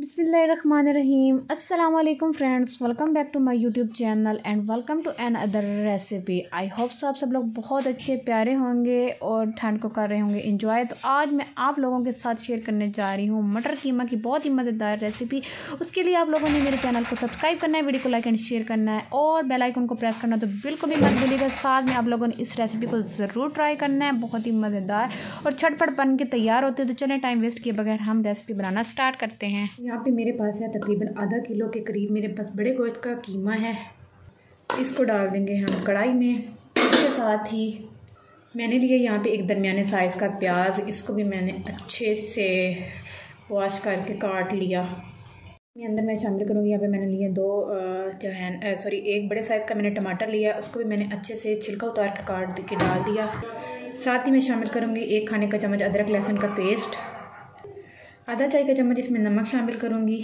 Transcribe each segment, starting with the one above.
बिसमीम अल्लाम friends welcome back to my YouTube channel and welcome to another recipe I hope so आप सब लोग बहुत अच्छे प्यारे होंगे और ठंड को कर रहे होंगे इंजॉय तो आज मैं आप लोगों के साथ शेयर करने जा रही हूँ मटर कीमा की बहुत ही मज़ेदार रेसिपी उसके लिए आप लोगों ने मेरे चैनल को सब्सक्राइब करना है वीडियो को लाइक एंड शेयर करना है और बेलाइकन को प्रेस करना तो बिल्कुल भी मत भूलिएगा साथ में आप लोगों ने इस रेसिपी को ज़रूर ट्राई करना है बहुत ही मज़ेदार और छटपट बन के तैयार होते हैं तो चलें टाइम वेस्ट किए बगैर हम रेसिपी बनाना स्टार्ट करते हैं यहाँ पे मेरे पास है तकरीबन आधा किलो के करीब मेरे पास बड़े गोश्त का कीमा है इसको डाल देंगे हम कढ़ाई में इसके साथ ही मैंने लिए यहाँ पे एक दरमिया साइज़ का प्याज इसको भी मैंने अच्छे से वॉश करके काट लिया अंदर मैं शामिल करूँगी यहाँ पे मैंने लिए दो जो है सॉरी एक बड़े साइज़ का मैंने टमाटर लिया उसको भी मैंने अच्छे से छिलका उतार के काट के डाल दिया साथ ही मैं शामिल करूँगी एक खाने का चम्मच अदरक लहसुन का पेस्ट आधा चाय का चम्मच इसमें नमक शामिल करूँगी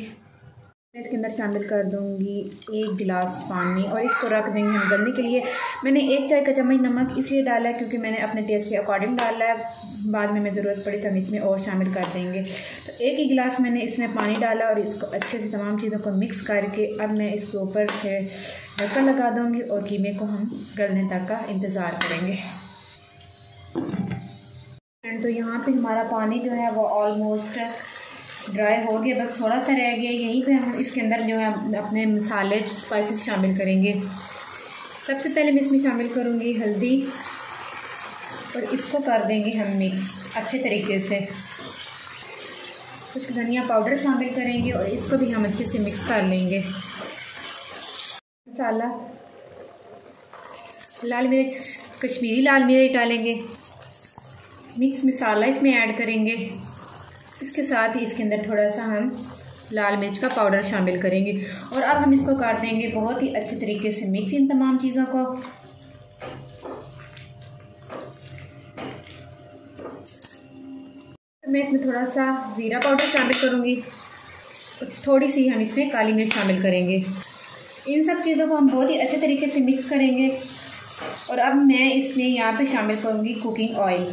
मैं इसके अंदर शामिल कर दूँगी एक गिलास पानी और इसको रख देंगे हम गलने के लिए मैंने एक चाय का चम्मच नमक इसलिए डाला है क्योंकि मैंने अपने टेस्ट के अकॉर्डिंग डाला है बाद में मैं ज़रूरत पड़ी तो हम इसमें और शामिल कर देंगे तो एक ही गिलास मैंने इसमें पानी डाला और इसको अच्छे से तमाम चीज़ों को मिक्स करके अब मैं इसके ऊपर से ढक्कन लगा दूँगी और कीमे को हम गलने तक का इंतज़ार करेंगे तो यहाँ पे हमारा पानी जो है वो ऑलमोस्ट ड्राई हो गया बस थोड़ा सा रह गया यहीं पे हम इसके अंदर जो है अपने मसाले स्पाइसेस शामिल करेंगे सबसे पहले मैं इसमें शामिल करूँगी हल्दी और इसको कर देंगे हम मिक्स अच्छे तरीके से कुछ धनिया पाउडर शामिल करेंगे और इसको भी हम अच्छे से मिक्स कर लेंगे मसाला लाल मिर्च कश्मीरी लाल मिर्च डालेंगे मिक्स मसाला इसमें ऐड करेंगे इसके साथ ही इसके अंदर थोड़ा सा हम लाल मिर्च का पाउडर शामिल करेंगे और अब हम इसको कर देंगे बहुत ही अच्छे तरीके से मिक्स इन तमाम चीज़ों को मैं इसमें थोड़ा सा ज़ीरा पाउडर शामिल करूँगी तो थोड़ी सी हम इसमें काली मिर्च शामिल करेंगे इन सब चीज़ों को हम बहुत ही अच्छे तरीके से मिक्स करेंगे और अब मैं इसमें यहाँ पे शामिल करूँगी कुकिंग ऑयल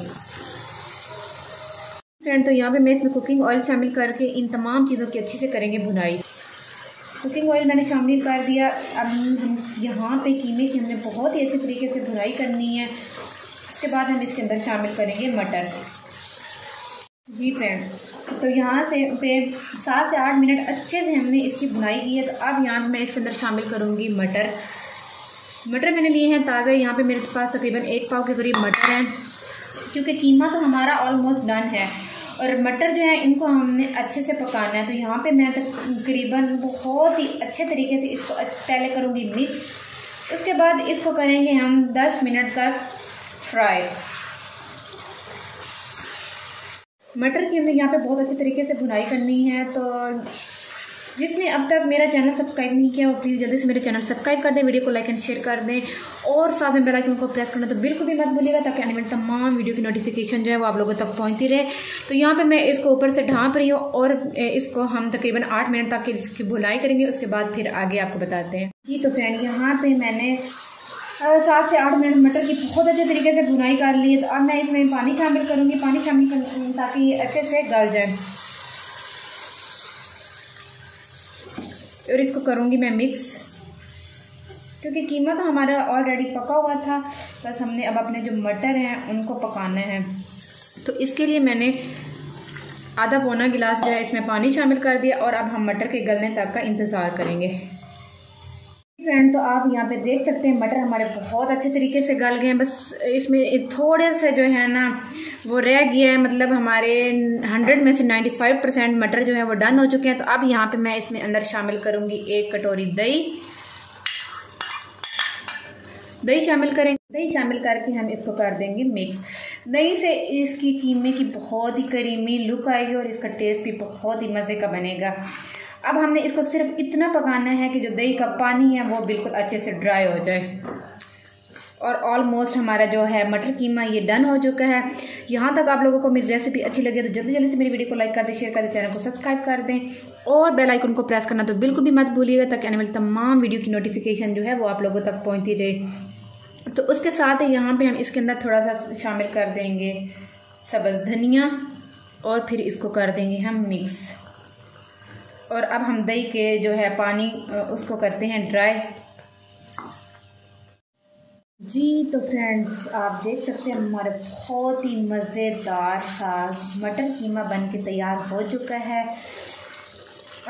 फ्रेंड तो यहाँ पे मैं इसमें कुकिंग ऑयल शामिल करके इन तमाम चीज़ों की अच्छे से करेंगे भुनाई कुकिंग ऑयल मैंने शामिल कर दिया अब हम यहाँ पे कीमे की हमने बहुत ही अच्छे तरीके से भुनाई करनी है उसके बाद हम इसके अंदर शामिल करेंगे मटर जी फ्रेंड तो यहाँ से पे सात से आठ मिनट अच्छे से हमने इसकी भुनाई की है तो अब यहाँ मैं इसके अंदर शामिल करूँगी मटर मटर मैंने लिए हैं ताज़ा यहाँ पे मेरे पास तकरीबन एक पाव के करीब मटर हैं क्योंकि कीमा तो हमारा ऑलमोस्ट डन है और मटर जो है इनको हमने अच्छे से पकाना है तो यहाँ पे मैं तकरीबन बहुत ही अच्छे तरीके से इसको पहले करूँगी मिक्स उसके बाद इसको करेंगे हम 10 मिनट तक फ्राई मटर की हमने यहाँ पे बहुत अच्छे तरीके से भुनाई करनी है तो जिसने अब तक मेरा चैनल सब्सक्राइब नहीं किया वो प्लीज़ जल्दी से मेरे चैनल सब्सक्राइब कर दें वीडियो को लाइक एंड शेयर कर दें और साथ में बेलाइकन को प्रेस करना तो बिल्कुल भी मत भूलिएगा ताकि आने वाली तमाम वीडियो की नोटिफिकेशन जो है वो आप लोगों तक पहुँचती रहे तो यहाँ पर मैं इसको ऊपर से ढांप रही हूँ और इसको हम तकरीबन आठ मिनट तक इसकी भुलाई करेंगे उसके बाद फिर आगे आपको बताते हैं जी तो फ्रेंड यहाँ पर मैंने सात से आठ मिनट मटर की बहुत अच्छे तरीके से भुनाई कर ली है तो अब मैं इसमें पानी शामिल करूँगी पानी शामिल करूँगी ताकि अच्छे से गल जाए और इसको करूँगी मैं मिक्स क्योंकि कीमा तो हमारा ऑलरेडी पका हुआ था बस हमने अब अपने जो मटर हैं उनको पकाना है तो इसके लिए मैंने आधा पौना गिलास जो है इसमें पानी शामिल कर दिया और अब हम मटर के गलने तक का इंतज़ार करेंगे फ्रेंड तो आप यहाँ पे देख सकते हैं मटर हमारे बहुत अच्छे तरीके से गल गए हैं बस इसमें थोड़े से जो है ना वो रह गया है मतलब हमारे 100 में से 95 परसेंट मटर जो है वो डन हो चुके हैं तो अब यहाँ पे मैं इसमें अंदर शामिल करूँगी एक कटोरी दही दही शामिल करेंगे दही शामिल करके हम इसको कर देंगे मिक्स दही से इसकी कीमे की बहुत ही करीमी लुक आएगी और इसका टेस्ट भी बहुत ही मज़े का बनेगा अब हमने इसको सिर्फ इतना पकाना है कि जो दही का पानी है वो बिल्कुल अच्छे से ड्राई हो जाए और ऑलमोस्ट हमारा जो है मटर कीमा ये डन हो चुका है यहाँ तक आप लोगों को मेरी रेसिपी अच्छी लगी तो जल्दी जल्दी से मेरी वीडियो को लाइक कर दें शेयर कर दें चैनल को सब्सक्राइब कर दें और बेल आइकन को प्रेस करना तो बिल्कुल भी मत भूलिएगा ताकि आने वाली तमाम वीडियो की नोटिफिकेशन जो है वो आप लोगों तक पहुँचती रहे तो उसके साथ ही यहाँ पर हम इसके अंदर थोड़ा सा शामिल कर देंगे सब्ज़ धनिया और फिर इसको कर देंगे हम मिक्स और अब हम दही के जो है पानी उसको करते हैं ड्राई जी तो फ्रेंड्स आप देख सकते हैं हमारा बहुत ही मज़ेदार सा मटर कीमा बन के तैयार हो चुका है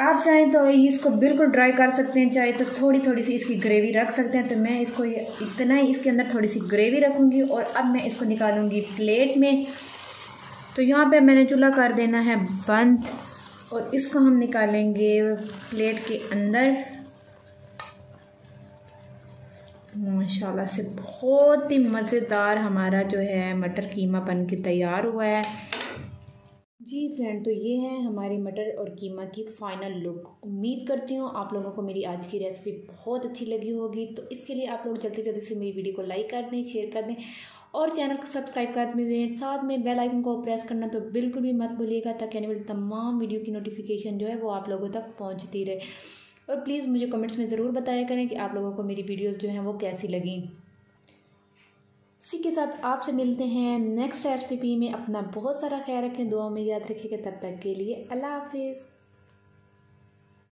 आप चाहें तो इसको बिल्कुल ड्राई कर सकते हैं चाहे तो थोड़ी थोड़ी सी इसकी ग्रेवी रख सकते हैं तो मैं इसको इतना ही इसके अंदर थोड़ी सी ग्रेवी रखूँगी और अब मैं इसको निकालूँगी प्लेट में तो यहाँ पे मैंने चूल्हा कर देना है बंद और इसको हम निकालेंगे प्लेट के अंदर माशाल्लाह से बहुत ही मज़ेदार हमारा जो है मटर कीमा बन के तैयार हुआ है जी फ्रेंड तो ये है हमारी मटर और कीमा की फ़ाइनल लुक उम्मीद करती हूँ आप लोगों को मेरी आज की रेसिपी बहुत अच्छी लगी होगी तो इसके लिए आप लोग जल्दी जल्दी से मेरी वीडियो को लाइक कर दें शेयर कर दें और चैनल को सब्सक्राइब कर दें साथ में बेल आइकन को प्रेस करना तो बिल्कुल भी मत भूलिएगा ताकि आने वाली तमाम वीडियो की नोटिफिकेशन जो है वो आप लोगों तक पहुँचती रहे और प्लीज़ मुझे कमेंट्स में ज़रूर बताया करें कि आप लोगों को मेरी वीडियोज़ जो हैं वो कैसी लगें इसी के साथ आपसे मिलते हैं नेक्स्ट रेसिपी में अपना बहुत सारा ख्याल रखें दुआ में याद रखिएगा तब तक के लिए अल्लाह हाफिज़